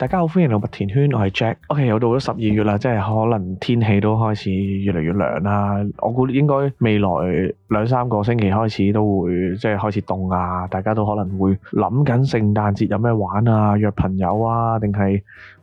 大家好，歡迎嚟麥田圈，我係 Jack。O.K. 又到咗十二月啦，即係可能天氣都開始越嚟越涼啦、啊。我估應該未來兩三個星期開始都會即係開始凍啊，大家都可能會諗緊聖誕節有咩玩啊，約朋友啊，定係。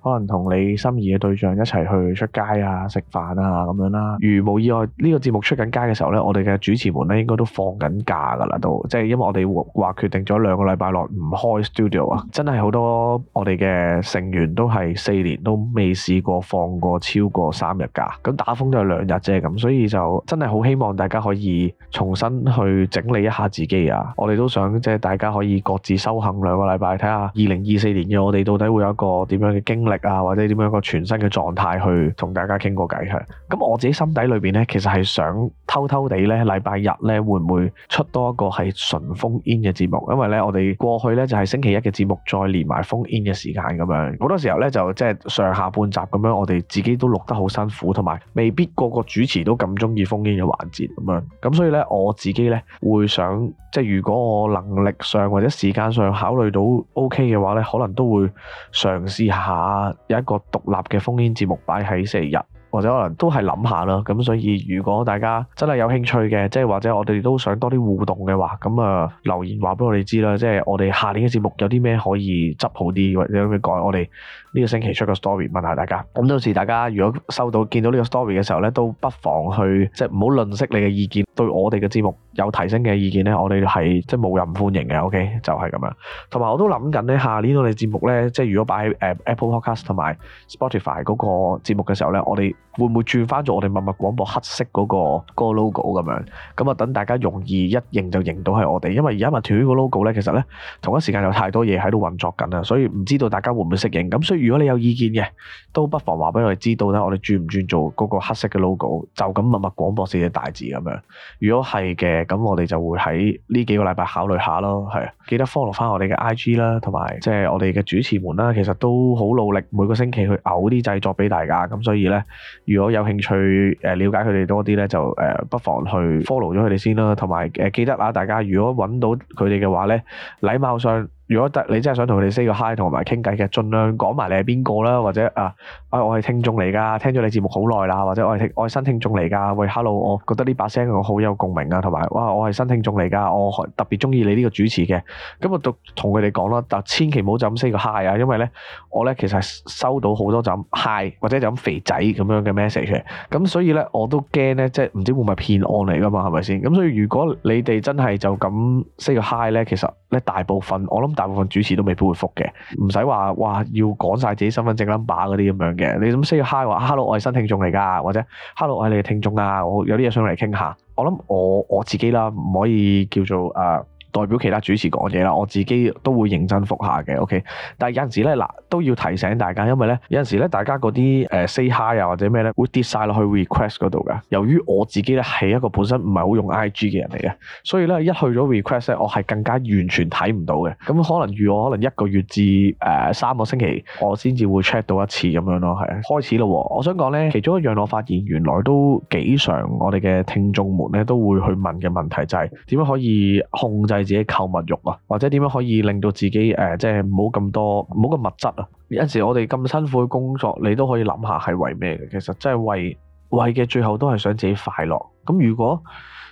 可能同你心儀嘅對象一齊去出街啊、食飯啊咁樣啦、啊。如無意外，呢、這個節目出緊街嘅時候咧，我哋嘅主持們咧應該都放緊假噶啦，都即係因為我哋話決定咗兩個禮拜內唔開 studio 啊。真係好多我哋嘅成員都係四年都未試過放過超過三日假，咁打風都係兩日啫咁，所以就真係好希望大家可以重新去整理一下自己啊。我哋都想即係、就是、大家可以各自修行兩個禮拜，睇下二零二四年嘅我哋到底會有一個點樣嘅經歷。啊，或者點樣一個全新嘅狀態去同大家傾個偈吓。咁我自己心底裏邊呢，其實係想偷偷地呢禮拜日呢會唔會出多一個係純封 i 嘅節目？因為呢我哋過去呢就係星期一嘅節目再連埋封 i 嘅時間咁樣，好多時候呢，就即係上下半集咁樣，我哋自己都錄得好辛苦，同埋未必個個主持都咁中意封 i 嘅環節咁樣。咁所以呢，我自己呢會想，即、就、係、是、如果我能力上或者時間上考慮到 O K 嘅話呢，可能都會嘗試下。有一個獨立嘅封煙節目擺喺星期日。或者可能都係諗下啦，咁所以如果大家真係有興趣嘅，即係或者我哋都想多啲互動嘅話，咁啊、呃、留言話俾我哋知啦，即係我哋下年嘅節目有啲咩可以執好啲，或者有咩改，我哋呢個星期出個 story 問下大家。咁到時大家如果收到見到呢個 story 嘅時候咧，都不妨去即係唔好吝嗇你嘅意見，對我哋嘅節目有提升嘅意見咧，我哋係即係冇任歡迎嘅，OK 就係咁樣。同埋我都諗緊咧，下年我哋節目咧，即係如果擺喺 Apple Podcast 同埋 Spotify 嗰個節目嘅時候咧，我哋。會唔會轉翻做我哋麥麥廣播黑色嗰、嗰個嗰個 logo 咁樣？咁啊，等大家容易一認就認到係我哋，因為而家麥條個 logo 咧，其實咧同一時間有太多嘢喺度運作緊啊，所以唔知道大家會唔會適應。咁所以如果你有意見嘅，都不妨話俾我哋知道啦。我哋轉唔轉做嗰個黑色嘅 logo？就咁麥麥廣播四隻大字咁樣。如果係嘅，咁我哋就會喺呢幾個禮拜考慮下咯。係啊，記得 follow 翻我哋嘅 IG 啦，同埋即係我哋嘅主持們啦，其實都好努力，每個星期去嘔啲製，製作俾大家。咁所以咧。如果有興趣了解佢哋多啲，就不妨去 follow 咗佢哋先啦。同埋誒記得大家如果揾到佢哋嘅話咧，禮貌上～如果第你真係想同佢哋 say 個 hi，同埋傾偈嘅，儘量講埋你係邊個啦，或者啊，啊、哎、我係聽眾嚟噶，聽咗你節目好耐啦，或者我係聽，我係新聽眾嚟噶，喂，hello，我覺得呢把聲我好有共鳴啊，同埋哇，我係新聽眾嚟噶，我特別中意你呢個主持嘅，咁我就同佢哋講啦，但千祈唔好就咁 say 個 hi 啊，因為咧我咧其實收到好多就咁 hi 或者就咁肥仔咁樣嘅 message 嘅，咁所以咧我都驚咧，即係唔知會唔會係騙案嚟噶嘛，係咪先？咁所以如果你哋真係就咁 say 個 hi 咧，其實咧大部分我諗。大部分主持都未必會覆嘅，唔使話哇，要講晒自己身份證 number 嗰啲咁樣嘅。你咁需要 hi 話，hello，我係新聽眾嚟㗎，或者 hello，我係你嘅聽眾啊，我有啲嘢想嚟傾下。我諗我我自己啦，唔可以叫做誒。Uh, 代表其他主持講嘢啦，我自己都會認真覆下嘅，OK 但。但係有陣時咧，嗱都要提醒大家，因為咧有陣時咧大家嗰啲誒 say hi 啊或者咩咧，會跌晒落去 request 度㗎。由於我自己咧係一個本身唔係好用 IG 嘅人嚟嘅，所以咧一去咗 request 咧，我係更加完全睇唔到嘅。咁可能預我可能一個月至誒、呃、三個星期，我先至會 check 到一次咁樣咯，係啊。開始咯、啊，我想講咧，其中一樣我發現原來都幾常我哋嘅聽眾們咧都會去問嘅問題就係、是、點樣可以控制。係自己購物慾啊，或者點樣可以令到自己誒、呃，即係唔好咁多，唔好咁物質啊。有陣時我哋咁辛苦嘅工作，你都可以諗下係為咩嘅？其實真係為為嘅，最後都係想自己快樂。咁如果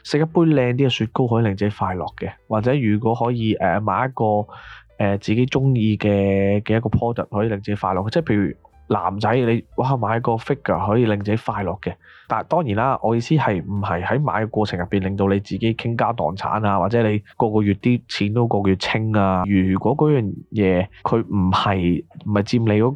食一杯靚啲嘅雪糕可以令自己快樂嘅，或者如果可以誒、呃、買一個誒、呃、自己中意嘅嘅一個 product 可以令自己快樂，即係譬如男仔你哇買一個 figure 可以令自己快樂嘅。但當然啦，我意思係唔係喺買嘅過程入邊令到你自己傾家蕩產啊，或者你個個月啲錢都個月清啊。如果嗰樣嘢佢唔係唔係佔你嗰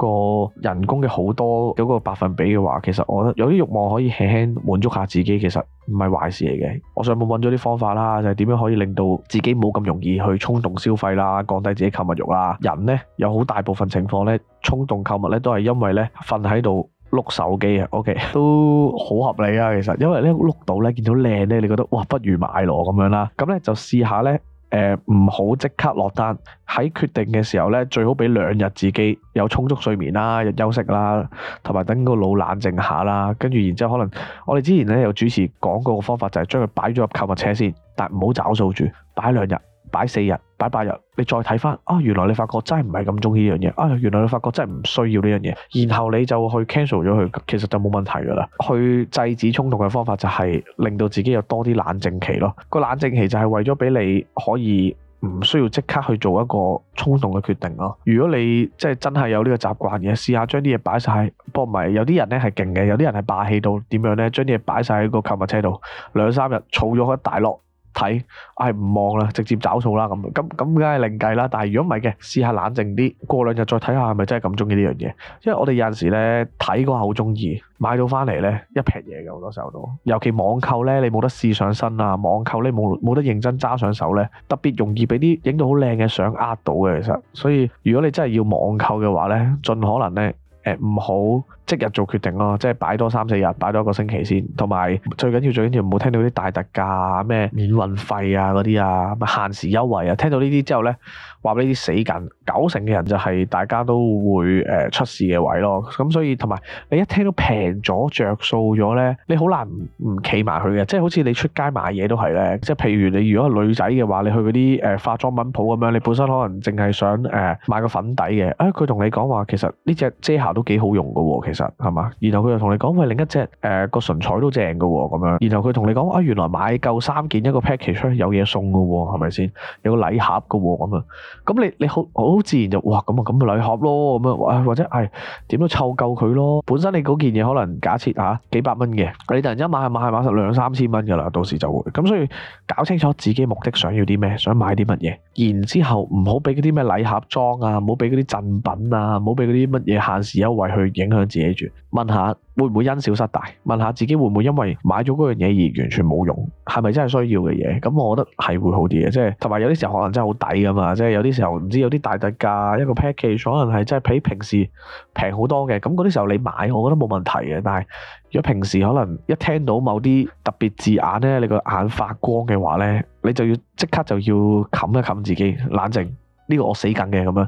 個人工嘅好多嗰個百分比嘅話，其實我覺得有啲慾望可以輕輕滿足下自己，其實唔係壞事嚟嘅。我上網揾咗啲方法啦，就係點樣可以令到自己冇咁容易去衝動消費啦，降低自己購物慾啦。人呢有好大部分情況呢，衝動購物呢都係因為呢瞓喺度，碌手機啊，O K 都好合理啊。其實，因為咧碌到咧，見到靚咧，你覺得哇，不如買咯咁樣啦。咁咧就試下咧，誒，唔好即刻落單，喺決定嘅時候咧，最好俾兩日自己有充足睡眠啦，日休息啦，同埋等個腦冷靜下啦。跟住然之後可能我哋之前咧有主持講過個方法，就係將佢擺咗入購物車先，但唔好找數住擺兩日，擺四日。擺八日，你再睇翻啊，原來你發覺真係唔係咁中意呢樣嘢啊，原來你發覺真係唔需要呢樣嘢，然後你就去 cancel 咗佢，其實就冇問題噶啦。去制止衝動嘅方法就係令到自己有多啲冷靜期咯。這個冷靜期就係為咗俾你可以唔需要即刻去做一個衝動嘅決定咯。如果你即係真係有呢個習慣嘅，試下將啲嘢擺晒。不過咪有啲人咧係勁嘅，有啲人係霸氣到點樣咧，將啲嘢擺晒喺個購物車度，兩三日儲咗一大落。睇係唔望啦，直接找數啦咁，咁咁梗係另計啦。但係如果唔係嘅，試下冷靜啲，過兩日再睇下係咪真係咁中意呢樣嘢。因為我哋有陣時咧睇過好中意，買到翻嚟咧一撇嘢嘅好多時候都。尤其網購咧，你冇得試上身啊，網購咧冇冇得認真揸上手咧，特別容易俾啲影到好靚嘅相呃到嘅其實。所以如果你真係要網購嘅話咧，盡可能咧。唔好即日做決定咯，即係擺多三四日，擺多一個星期先。同埋最緊要最緊要唔好聽到啲大特價咩免運費啊嗰啲啊，限時優惠啊，聽到呢啲之後呢。話呢啲死緊，九成嘅人就係大家都會誒出事嘅位咯。咁所以同埋你一聽到平咗、着數咗咧，你好難唔企埋佢嘅。即係好似你出街買嘢都係咧，即係譬如你如果女仔嘅話，你去嗰啲誒化妝品鋪咁樣，你本身可能淨係想誒、呃、買個粉底嘅。啊，佢同你講話其實呢隻遮瑕都幾好用嘅喎、哦，其實係嘛？然後佢又同你講喂另一隻誒個、呃、唇彩都正嘅喎、哦，咁樣。然後佢同你講啊，原來買夠三件一個 package 出嚟有嘢送嘅喎，係咪先？有、哦、有個禮盒嘅喎咁啊！咁你你好，好自然就哇咁啊，咁個禮盒咯，咁樣，或者係點、哎、都湊夠佢咯。本身你嗰件嘢可能假設吓、啊、幾百蚊嘅，你突然間買下買下買成兩三千蚊噶啦，到時就會咁。所以搞清楚自己目的想要啲咩，想買啲乜嘢，然之後唔好俾啲咩禮盒裝啊，唔好俾啲贈品啊，唔好俾啲乜嘢限時優惠去影響自己住。問下。會唔會因小失大？問下自己會唔會因為買咗嗰樣嘢，而完全冇用？係咪真係需要嘅嘢？咁我覺得係會好啲嘅，即係同埋有啲時候可能真係好抵噶嘛，即係有啲時候唔知有啲大特價，一個 package 可能係真係比平時平好多嘅。咁嗰啲時候你買，我覺得冇問題嘅。但係如果平時可能一聽到某啲特別字眼咧，你個眼發光嘅話咧，你就要即刻就要冚一冚自己，冷靜，呢個我死緊嘅咁樣，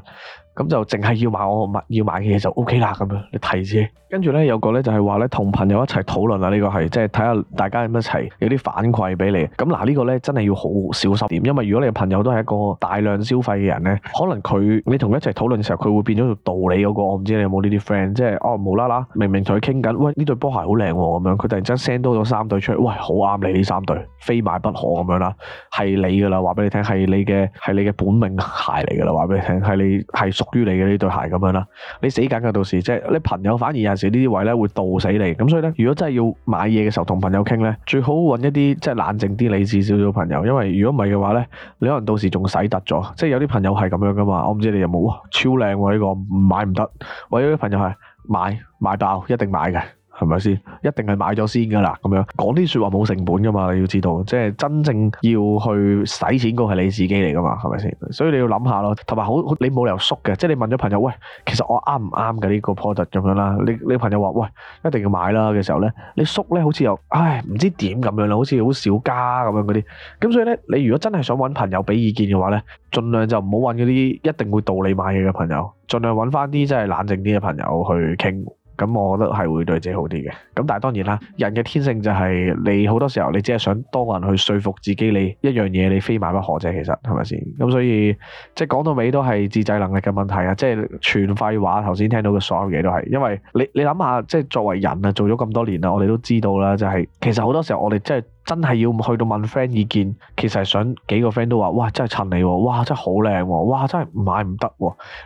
咁就淨係要買我要買嘅嘢就 OK 啦咁樣，你睇先。跟住咧，有個咧就係話咧同朋友一齊討論啊！呢、這個係即係睇下大家係咪一齊有啲反饋俾你。咁嗱，這個、呢個咧真係要好小心點，因為如果你嘅朋友都係一個大量消費嘅人咧，可能佢你同佢一齊討論嘅時候，佢會變咗做道理嗰、那個。我唔知你有冇呢啲 friend，即係哦無啦啦，明明同佢傾緊，喂呢對波鞋好靚咁樣，佢突然間 send 多咗三對出嚟，喂好啱你呢三對，非買不可咁樣啦，係你噶啦，話俾你聽係你嘅，係你嘅本命鞋嚟噶啦，話俾你聽係你係屬於你嘅呢對鞋咁樣啦，你死梗噶，到時即係你朋友反而有。呢啲位咧會導死你，咁所以咧，如果真係要買嘢嘅時候同朋友傾咧，最好揾一啲即係冷靜啲理智少少嘅朋友，因為如果唔係嘅話咧，你可能到時仲使得咗，即係有啲朋友係咁樣噶嘛，我唔知你有冇，超靚喎呢個唔買唔得，或者有啲朋友係買買爆一定買嘅。係咪先？一定係買咗先噶啦，咁樣講啲說話冇成本噶嘛，你要知道，即係真正要去使錢個係你自己嚟噶嘛，係咪先？所以你要諗下咯，同埋好你冇理由縮嘅，即係你問咗朋友喂，其實我啱唔啱嘅呢個 product 咁樣啦，你你朋友話喂一定要買啦嘅時候咧，你縮咧好似又唉唔知點咁樣啦，好似好少家咁樣嗰啲，咁所以咧你如果真係想搵朋友俾意見嘅話咧，盡量就唔好搵嗰啲一定會導你買嘢嘅朋友，盡量搵翻啲真係冷靜啲嘅朋友去傾。咁我覺得係會對自己好啲嘅。咁但係當然啦，人嘅天性就係、是、你好多時候你只係想多個人去説服自己你，你一樣嘢你非買不可啫。其實係咪先？咁所以即係講到尾都係自制能力嘅問題啊！即係全廢話。頭先聽到嘅所有嘢都係，因為你你諗下，即係作為人啊，做咗咁多年啦，我哋都知道啦，就係、是、其實好多時候我哋真係。真係要去到問 friend 意見，其實係想幾個 friend 都話：哇，真係襯你，哇，真係好靚，哇，真係唔買唔得。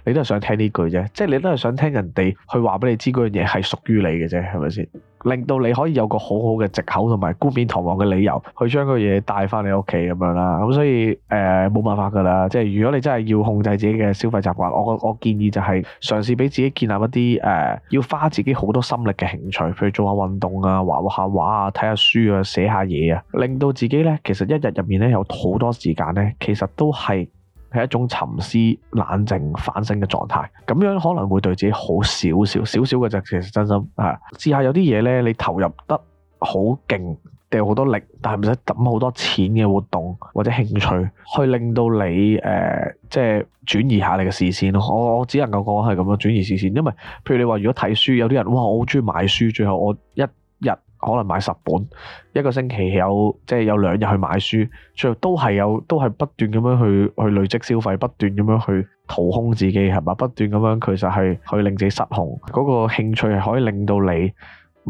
你都係想聽呢句啫，即係你都係想聽人哋去話俾你知嗰樣嘢係屬於你嘅啫，係咪先？令到你可以有個好好嘅藉口同埋冠冕堂皇嘅理由，去將個嘢帶翻你屋企咁樣啦。咁所以誒呃，冇辦法㗎啦。即係如果你真係要控制自己嘅消費習慣，我我建議就係嘗試俾自己建立一啲誒、呃、要花自己好多心力嘅興趣，譬如做下運動啊、畫下畫啊、睇下書啊、寫下嘢啊，令到自己咧其實一日入面咧有好多時間咧，其實都係。係一種沉思、冷靜、反省嘅狀態，咁樣可能會對自己好少少、少少嘅就其實真心吓。試下有啲嘢咧，你投入得好勁，掉好多力，但係唔使抌好多錢嘅活動或者興趣，去令到你誒、呃、即係轉移下你嘅視線咯。我我只能夠講係咁樣轉移視線，因為譬如你話如果睇書，有啲人哇，我好鍾意買書，最後我一，可能買十本，一個星期有即係、就是、有兩日去買書，最後都係有，都係不斷咁樣去去累積消費，不斷咁樣去掏空自己，係嘛？不斷咁樣，其實係去令自己失控。嗰、那個興趣係可以令到你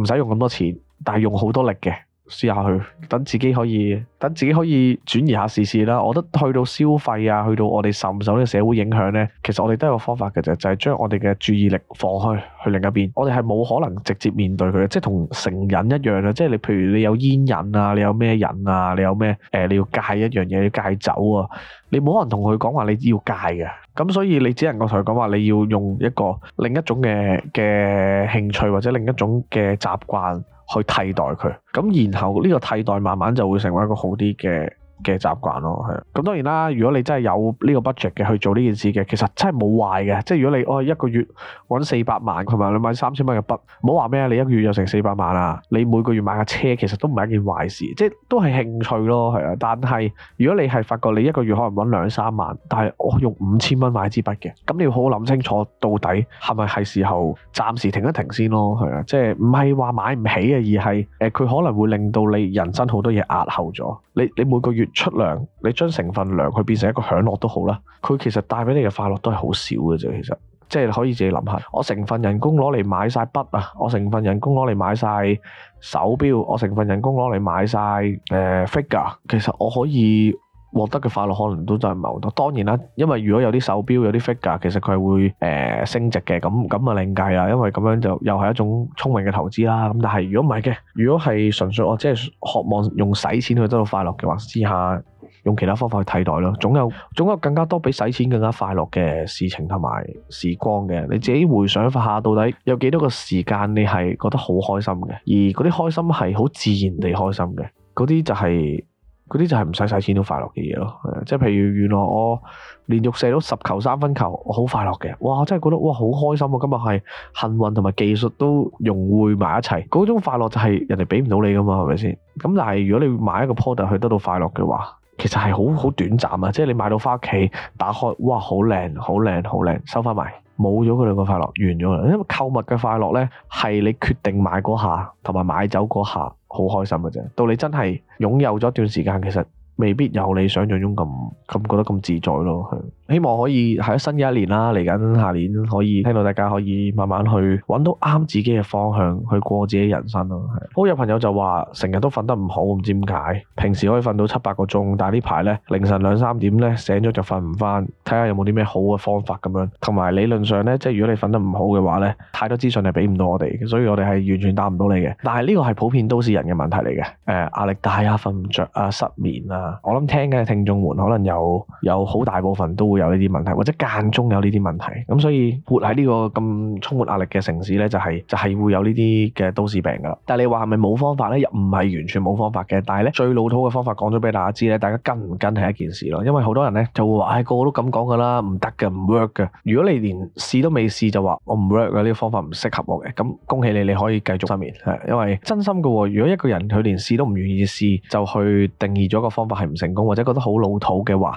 唔使用咁多錢，但係用好多力嘅。試下去，等自己可以，等自己可以轉移下試試啦。我覺得去到消費啊，去到我哋受唔受呢個社會影響呢？其實我哋都有個方法嘅啫，就係、就係、將我哋嘅注意力放開去另一邊。我哋係冇可能直接面對佢，即係同成癮一樣啦。即係你譬如你有煙癮啊，你有咩癮啊，你有咩誒你要戒一樣嘢要戒酒啊，你冇可能同佢講話你要戒嘅。咁所以你只能夠同佢講話你要用一個另一種嘅嘅興趣或者另一種嘅習慣。去替代佢，咁然後，呢個替代慢慢就會成為一個好啲嘅。嘅習慣咯，係啊，咁當然啦，如果你真係有呢個 budget 嘅去做呢件事嘅，其實真係冇壞嘅，即係如果你我一個月揾四百萬，同埋你買三千蚊嘅筆，唔好話咩啊，你一個月有成四百萬啊，你每個月買架車其實都唔係一件壞事，即係都係興趣咯，係啊，但係如果你係發覺你一個月可能揾兩三萬，但係我用五千蚊買支筆嘅，咁你要好好諗清楚到底係咪係時候暫時停一停先咯，係啊，即係唔係話買唔起啊，而係誒佢可能會令到你人生好多嘢壓後咗，你你每個月。出糧，你將成份糧佢變成一個享樂都好啦。佢其實帶畀你嘅快樂都係好少嘅啫。其實即係可以自己諗下，我成份人工攞嚟買晒筆啊，我成份人工攞嚟買晒手表，我成份人工攞嚟買晒誒、呃、figure，其實我可以。獲得嘅快樂可能都真係唔係好多，當然啦，因為如果有啲手表、有啲 figure，其實佢係會誒、呃、升值嘅，咁咁啊另計啦。因為咁樣就又係一種聰明嘅投資啦。咁但係如果唔係嘅，如果係純粹我即係渴望用使錢去得到快樂嘅話，試下用其他方法去替代咯。總有總有更加多比使錢更加快樂嘅事情同埋時光嘅。你自己回想一下到底有幾多個時間你係覺得好開心嘅，而嗰啲開心係好自然地開心嘅，嗰啲就係、是。嗰啲就係唔使晒錢都快樂嘅嘢咯，即係譬如原來我連續射到十球三分球，我好快樂嘅，哇我真係覺得哇好開心啊！今日係幸運同埋技術都融匯埋一齊，嗰種快樂就係人哋俾唔到你噶嘛，係咪先？咁但係如果你買一個 product 去得到快樂嘅話，其實係好好短暫啊！即係你買到翻屋企打開，哇好靚好靚好靚，收翻埋，冇咗佢兩個快樂完咗啦。因為購物嘅快樂咧係你決定買嗰下，同埋買走嗰下。好開心嘅啫，到你真係擁有咗一段時間，其實未必有你想像中咁咁覺得咁自在咯，係。希望可以喺新嘅一年啦，嚟緊下,下年可以聽到大家可以慢慢去揾到啱自己嘅方向，去過自己人生咯。好有朋友就話成日都瞓得唔好，唔知點解。平時可以瞓到七八個鐘，但係呢排呢，凌晨兩三點呢醒咗就瞓唔翻，睇下有冇啲咩好嘅方法咁樣。同埋理論上呢，即係如果你瞓得唔好嘅話呢，太多資訊係俾唔到我哋嘅，所以我哋係完全答唔到你嘅。但係呢個係普遍都市人嘅問題嚟嘅。誒、呃，壓力大啊，瞓唔着啊，失眠啊，我諗聽緊嘅聽眾們可能有有好大部分都會。會有呢啲問題，或者間中有呢啲問題，咁所以活喺呢個咁充滿壓力嘅城市呢，就係就係會有呢啲嘅都市病噶啦。但係你話係咪冇方法呢？又唔係完全冇方法嘅。但係呢，最老土嘅方法講咗俾大家知呢，大家跟唔跟係一件事咯。因為好多人呢，就會話：唉，個個都咁講噶啦，唔得嘅，唔 work 嘅。如果你連試都未試就話我唔 work 嘅呢個方法唔適合我嘅，咁恭喜你，你可以繼續失眠。係因為真心嘅喎。如果一個人佢連試都唔願意試，就去定義咗個方法係唔成功，或者覺得好老土嘅話，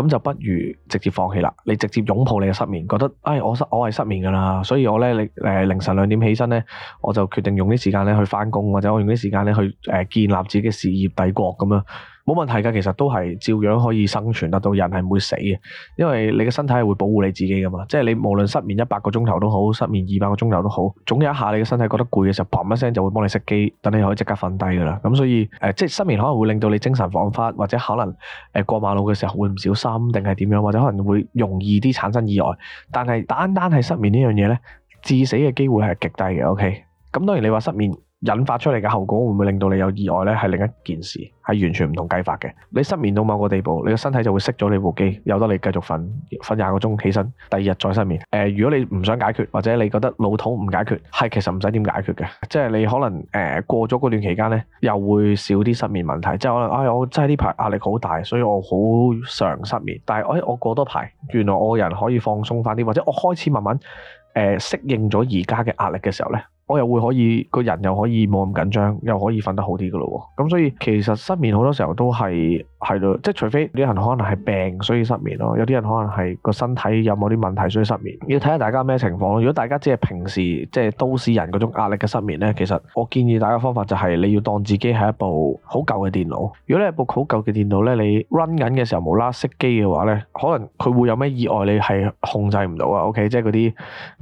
咁就不如直接放棄啦！你直接擁抱你嘅失眠，覺得，唉、哎，我失我係失眠㗎啦，所以我咧，你誒凌晨兩點起身咧，我就決定用啲時間咧去返工，或者我用啲時間咧去誒建立自己嘅事業帝國咁樣。冇問題噶，其實都係照樣可以生存。得到人係唔會死嘅，因為你嘅身體係會保護你自己噶嘛。即係你無論失眠一百個鐘頭都好，失眠二百個鐘頭都好，總有一下你嘅身體覺得攰嘅時候，砰一聲就會幫你熄機，等你可以即刻瞓低噶啦。咁所以誒、呃，即係失眠可能會令到你精神恍惚，或者可能誒過馬路嘅時候會唔小心，定係點樣，或者可能會容易啲產生意外。但係單單係失眠呢樣嘢咧，致死嘅機會係極低嘅。OK，咁當然你話失眠。引發出嚟嘅後果會唔會令到你有意外呢？係另一件事，係完全唔同計法嘅。你失眠到某個地步，你嘅身體就會熄咗你部機，由得你繼續瞓，瞓廿個鐘起身，第二日再失眠。誒、呃，如果你唔想解決，或者你覺得老土唔解決，係其實唔使點解決嘅。即係你可能誒、呃、過咗嗰段期間呢，又會少啲失眠問題。即係可能，哎，我真係呢排壓力好大，所以我好常失眠。但係，哎，我過多排，原來我個人可以放鬆翻啲，或者我開始慢慢誒適、呃、應咗而家嘅壓力嘅時候呢。我又會可以個人又可以冇咁緊張，又可以瞓得好啲㗎咯喎。咁所以其實失眠好多時候都係係咯，即係除非啲人可能係病所以失眠咯，有啲人可能係個身體有冇啲問題所以失眠。要睇下大家咩情況咯。如果大家只係平時即係都市人嗰種壓力嘅失眠咧，其實我建議大家方法就係你要當自己係一部好舊嘅電腦。如果你係部好舊嘅電腦咧，你 run 緊嘅時候無啦熄機嘅話咧，可能佢會有咩意外你係控制唔到啊。OK，即係嗰啲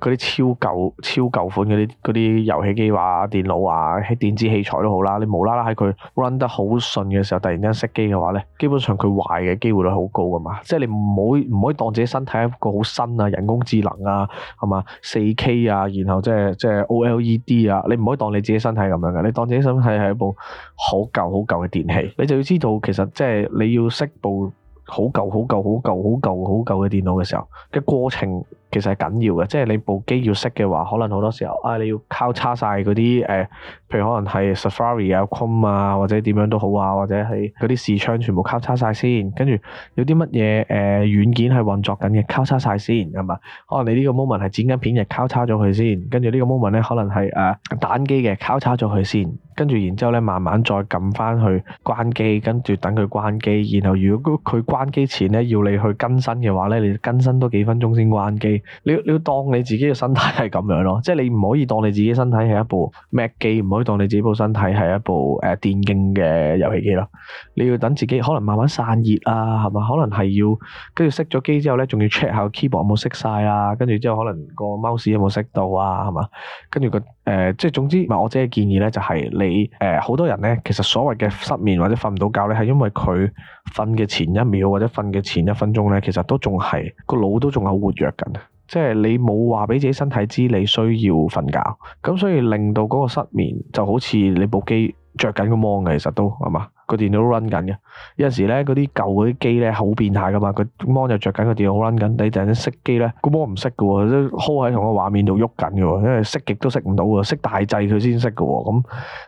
嗰啲超舊超舊款嗰啲嗰啲。遊戲機話，電腦啊，喺電子器材都好啦。你無啦啦喺佢 run 得好順嘅時候，突然間熄機嘅話咧，基本上佢壞嘅機會率好高噶嘛。即係你唔好唔可以當自己身體一個好新啊，人工智能啊，係咪四 K 啊，然後即係即係 OLED 啊，你唔可以當你自己身體咁樣嘅。你當自己身體係一部好舊好舊嘅電器，你就要知道其實即係你要熄部好舊好舊好舊好舊好舊嘅電腦嘅時候嘅過程。其實係緊要嘅，即係你部機要熄嘅話，可能好多時候，啊你要交叉晒嗰啲誒，呃譬如可能係 Safari 啊、Chrome 啊，或者點樣都好啊，或者係嗰啲視窗全部交叉晒先，跟住有啲乜嘢誒軟件係運作緊嘅交叉晒先，係嘛？可能你呢個 moment 係剪緊片嘅交叉咗佢先，跟住呢個 moment 咧可能係誒打緊機嘅交叉咗佢先，跟住然之後咧慢慢再撳翻去關機，跟住等佢關機。然後如果佢關機前咧要你去更新嘅話咧，你更新多幾分鐘先關機。你要你要當你自己嘅身體係咁樣咯，即係你唔可以當你自己身體係一部 Mac 機。唔可以。你當你自己部身體係一部誒電競嘅遊戲機咯，你要等自己可能慢慢散熱啊，係嘛？可能係要跟住熄咗機之後咧，仲要 check 下個 keyboard 有冇熄曬啊，跟住之後可能個 mouse 有冇熄到啊，係嘛？跟住、個誒、呃，即係總之，唔係我姐嘅建議咧，就係你誒，好多人咧，其實所謂嘅失眠或者瞓唔到覺咧，係因為佢瞓嘅前一秒或者瞓嘅前一分鐘咧，其實都仲係個腦都仲係活躍緊。即係你冇話畀自己身體知你需要瞓覺，咁所以令到嗰個失眠就好似你部機着緊個芒嘅，其實都係嘛？個電腦 run 緊嘅，有陣時咧嗰啲舊嗰啲機咧好變態噶嘛，個芒就着緊個電腦 run 緊，你突然間熄機咧，個芒唔熄噶，即 hold 喺同個畫面度喐緊噶，因為熄極都熄唔到噶，熄大掣佢先熄噶，咁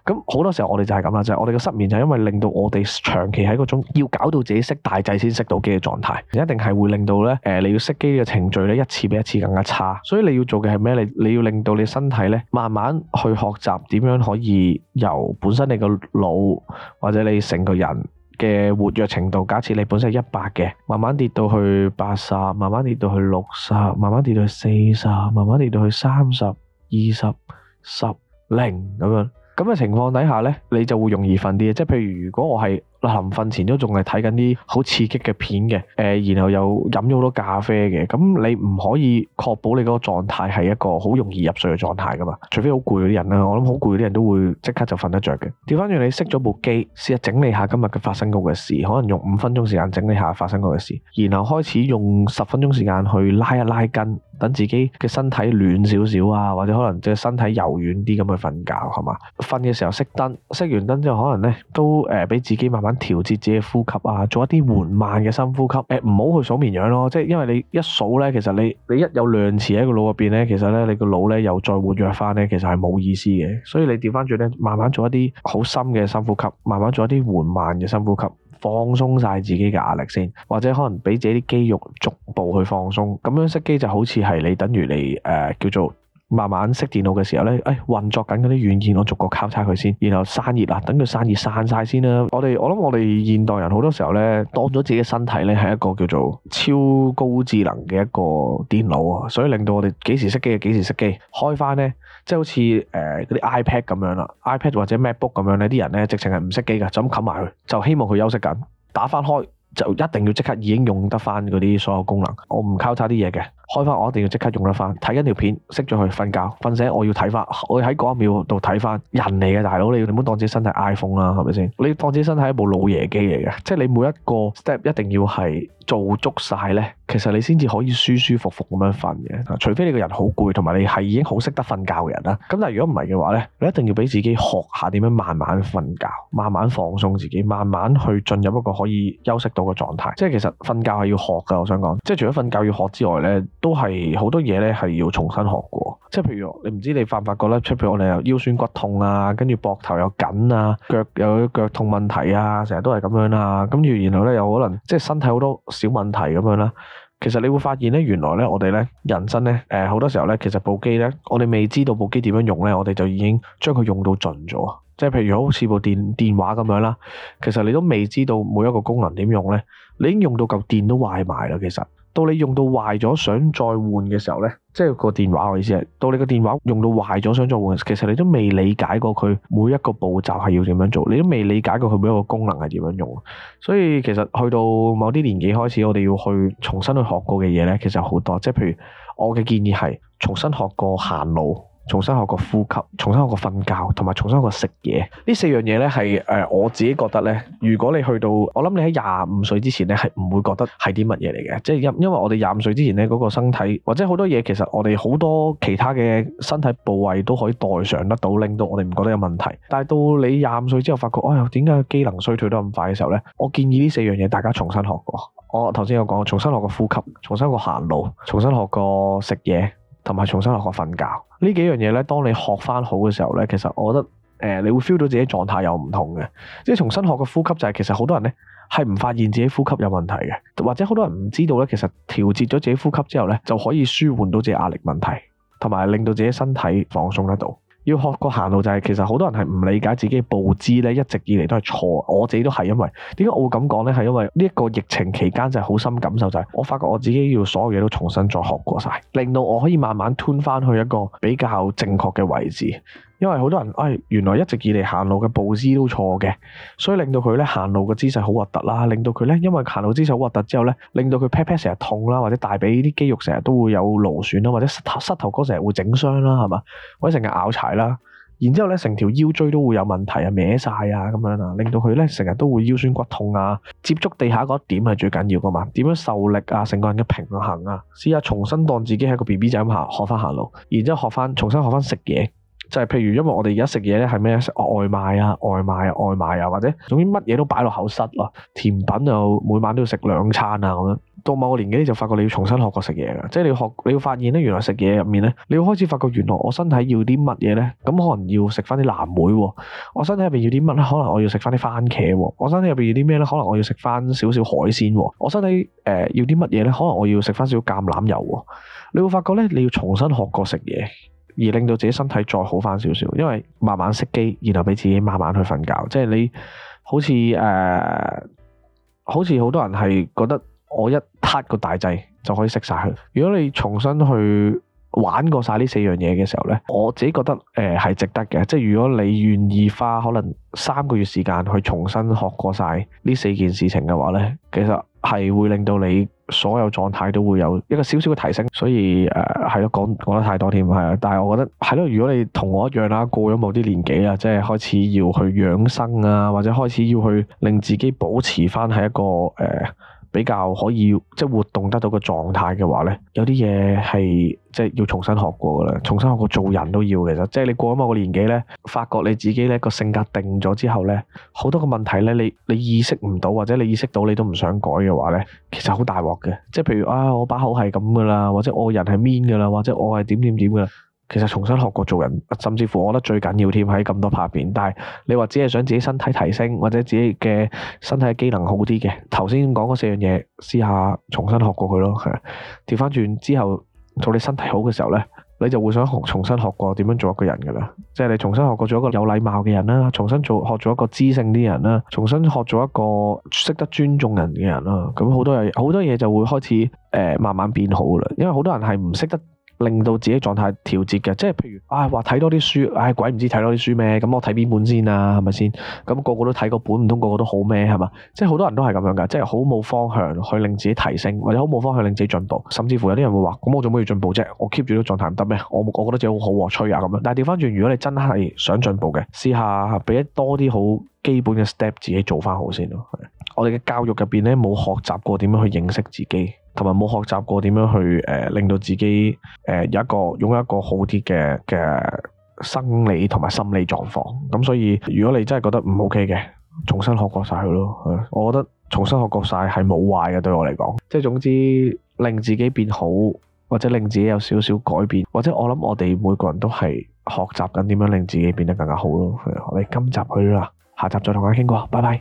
咁好多時候我哋就係咁啦，就係、是、我哋嘅失眠就係因為令到我哋長期喺個種要搞到自己熄大掣先熄到機嘅狀態，一定係會令到咧，誒、呃、你要熄機嘅程序咧一次比一次更加差，所以你要做嘅係咩？你你要令到你身體咧慢慢去學習點樣可以由本身你個腦或者你。整個人嘅活躍程度，假設你本身係一百嘅，慢慢跌到去八十，慢慢跌到去六十，慢慢跌到去四十，慢慢跌到去三十、二十、十零咁樣咁嘅情況底下呢，你就會容易瞓啲。即係譬如如果我係。嗱，臨瞓前都仲係睇緊啲好刺激嘅片嘅，誒、呃，然後又飲咗好多咖啡嘅，咁你唔可以確保你嗰個狀態係一個好容易入睡嘅狀態噶嘛？除非好攰啲人啦，我諗好攰啲人都會即刻就瞓得着嘅。調翻轉你熄咗部機，試下整理下今日嘅發生過嘅事，可能用五分鐘時間整理下發生過嘅事，然後開始用十分鐘時間去拉一拉筋，等自己嘅身體暖少少啊，或者可能即係身體柔軟啲咁去瞓覺，係嘛？瞓嘅時候熄燈，熄完燈之後可能咧都誒俾自己慢慢。調節自己呼吸啊，做一啲緩慢嘅深呼吸。誒、嗯，唔好去數綿羊咯，即係因為你一數咧，其實你你一有量詞喺個腦入邊咧，其實咧你個腦咧又再活躍翻咧，其實係冇意思嘅。所以你調翻轉咧，慢慢做一啲好深嘅深呼吸，慢慢做一啲緩慢嘅深呼吸，放鬆晒自己嘅壓力先，或者可能俾自己啲肌肉逐步去放鬆，咁樣熄機就好似係你等於你誒、呃、叫做。慢慢熄電腦嘅時候呢，誒、哎、運作緊嗰啲軟件，我逐個交叉佢先，然後散熱啊，等佢散熱散晒先啦。我哋我諗我哋現代人好多時候呢，當咗自己身體呢係一個叫做超高智能嘅一個電腦啊，所以令到我哋幾時熄機就幾時熄機，開翻呢，即係好似誒嗰、呃、啲 iPad 咁樣啦，iPad 或者 MacBook 咁樣呢啲人呢，直情係唔熄機㗎，就咁冚埋佢，就希望佢休息緊，打翻開就一定要即刻已經用得翻嗰啲所有功能，我唔交叉啲嘢嘅。開翻我一定要即刻用得翻，睇緊條片，熄咗佢瞓覺，瞓醒我要睇翻，我要喺嗰一秒度睇翻人嚟嘅。大佬，你要你唔好當自己身體係 iPhone 啦，係咪先？你當自己身體係一部老爺機嚟嘅，即係你每一個 step 一定要係做足曬咧。其實你先至可以舒舒服服咁樣瞓嘅，除非你個人好攰，同埋你係已經好識得瞓覺嘅人啦。咁但係如果唔係嘅話呢，你一定要俾自己學下點樣慢慢瞓覺，慢慢放鬆自己，慢慢去進入一個可以休息到嘅狀態。即係其實瞓覺係要學噶，我想講，即係除咗瞓覺要學之外呢，都係好多嘢呢係要重新學過。即係譬如你唔知你發唔發覺咧，出邊我哋有腰酸骨痛啊，跟住膊頭又緊啊，腳有腳痛問題啊，成日都係咁樣啦。跟住然後呢，有可能即係身體好多小問題咁樣啦。其實你會發現咧，原來咧，我哋咧，人生咧，誒，好多時候咧，其實部機咧，我哋未知道部機點樣用咧，我哋就已經將佢用到盡咗啊！即係譬如好似部電電話咁樣啦，其實你都未知道每一個功能點用咧，你已經用到嚿電都壞埋啦，其實。到你用到壞咗想再換嘅時候呢，即係個電話我意思係，到你個電話用到壞咗想再換，其實你都未理解過佢每一個步驟係要點樣做，你都未理解過佢每一個功能係點樣用，所以其實去到某啲年紀開始，我哋要去重新去學過嘅嘢呢，其實好多，即係譬如我嘅建議係重新學過行路。重新學過呼吸，重新學過瞓覺，同埋重新學過食嘢。呢四樣嘢呢，係、呃、誒我自己覺得呢。如果你去到我諗你喺廿五歲之前呢，係唔會覺得係啲乜嘢嚟嘅。即係因因為我哋廿五歲之前呢，嗰、嗰個身體，或者好多嘢其實我哋好多其他嘅身體部位都可以代償得到，令到我哋唔覺得有問題。但係到你廿五歲之後，發覺「哎呀點解機能衰退得咁快嘅時候呢？」我建議呢四樣嘢大家重新學過。我頭先有講，重新學過呼吸，重新學過行路，重新學過食嘢，同埋重新學過瞓覺。呢幾樣嘢咧，當你學翻好嘅時候咧，其實我覺得誒、呃，你會 feel 到自己狀態有唔同嘅。即係重新學個呼吸、就是，就係其實好多人咧係唔發現自己呼吸有問題嘅，或者好多人唔知道咧，其實調節咗自己呼吸之後咧，就可以舒緩到自己壓力問題，同埋令到自己身體放鬆得到。要學過行路就係、是，其實好多人係唔理解自己步姿咧，一直以嚟都係錯。我自己都係因為點解我會咁講呢？係因為呢一個疫情期間就係好深，深感受就係，我發覺我自己要所有嘢都重新再學過晒，令到我可以慢慢 turn 翻去一個比較正確嘅位置。因為好多人，哎，原來一直以嚟行路嘅步姿都錯嘅，所以令到佢咧行路嘅姿勢好核突啦，令到佢咧因為行路姿勢好核突之後咧，令到佢 pat pat 成日痛啦，或者大髀啲肌肉成日都會有勞損啦，或者膝膝頭哥成日會整傷啦，係嘛，或者成日拗柴啦，然之後咧成條腰椎都會有問題啊，歪晒啊咁樣啊，令到佢咧成日都會腰酸骨痛啊。接觸地下嗰點係最緊要噶嘛，點樣受力啊，成個人嘅平衡啊，試下重新當自己係個 B B 仔咁行，學翻行路，然之後學翻重新學翻食嘢。就係譬如，因為我哋而家食嘢咧，係咩咧？外賣啊，外賣、啊，外賣啊，或者總之乜嘢都擺落口室咯。甜品就、啊、每晚都要食兩餐啊，咁樣到某個年紀就發覺你要重新學過食嘢嘅，即係你要學，你要發現咧，原來食嘢入面咧，你要開始發覺原來我身體要啲乜嘢咧？咁可能要食翻啲藍莓喎，我身體入邊要啲乜咧？可能我要食翻啲番茄喎，我身體入邊要啲咩咧？可能我要食翻少少海鮮喎，我身體誒要啲乜嘢咧？可能我要食翻少少橄欖油喎。你會發覺咧，你要重新學過食嘢。而令到自己身體再好翻少少，因為慢慢熄機，然後俾自己慢慢去瞓覺。即係你好似誒、呃，好似好多人係覺得我一撻個大掣就可以熄晒佢。如果你重新去玩過晒呢四樣嘢嘅時候呢，我自己覺得誒係、呃、值得嘅。即係如果你願意花可能三個月時間去重新學過晒呢四件事情嘅話呢，其實。係會令到你所有狀態都會有一個少少嘅提升，所以誒係咯，講講得太多添，係啊，但係我覺得係咯，如果你同我一樣啦，過咗某啲年紀啊，即係開始要去養生啊，或者開始要去令自己保持翻係一個誒。呃比較可以即係活動得到個狀態嘅話呢，有啲嘢，係即係要重新學過噶啦，重新學過做人都要其實，即係你過咗某個年紀呢，發覺你自己呢個性格定咗之後呢，好多個問題呢，你你意識唔到或者你意識到你都唔想改嘅話呢，其實好大鑊嘅，即係譬如啊我把口係咁噶啦，或者我人係 mean 噶啦，或者我係點點點噶。其實重新學過做人，甚至乎我覺得最緊要添喺咁多拍片。但係你話只係想自己身體提升，或者自己嘅身體機能好啲嘅，頭先講嗰四樣嘢，試下重新學過佢咯。係調翻轉之後，到你身體好嘅時候呢，你就會想重新學過點樣做一個人噶啦。即係你重新學過做一個有禮貌嘅人啦，重新做學做一個知性啲人啦，重新學做一個識得尊重人嘅人啦。咁好多嘢好多嘢就會開始誒慢慢變好噶啦。因為好多人係唔識得。令到自己狀態調節嘅，即係譬如，唉話睇多啲書，唉、哎、鬼唔知睇多啲書咩？咁我睇邊本先啊？係咪先？咁、那個個都睇個本，唔通個個都好咩？係嘛？即係好多人都係咁樣嘅，即係好冇方向去令自己提升，或者好冇方向令自己進步，甚至乎有啲人會話：咁我做咩要進步啫？我 keep 住呢個狀態唔得咩？我覺得自己好好喎，吹啊咁樣。但係調翻轉，如果你真係想進步嘅，試一下俾多啲好基本嘅 step，自己做翻好先咯。我哋嘅教育入邊咧，冇學習過點樣去認識自己。同埋冇學習過點樣去誒、呃、令到自己誒、呃、有一個擁有一個好啲嘅嘅生理同埋心理狀況，咁所以如果你真係覺得唔 OK 嘅，重新學過晒佢咯。我覺得重新學過晒係冇壞嘅，對我嚟講，即係總之令自己變好，或者令自己有少少改變，或者我諗我哋每個人都係學習緊點樣令自己變得更加好咯。係啊，我哋今集去啦，下集再同大家傾過，拜拜。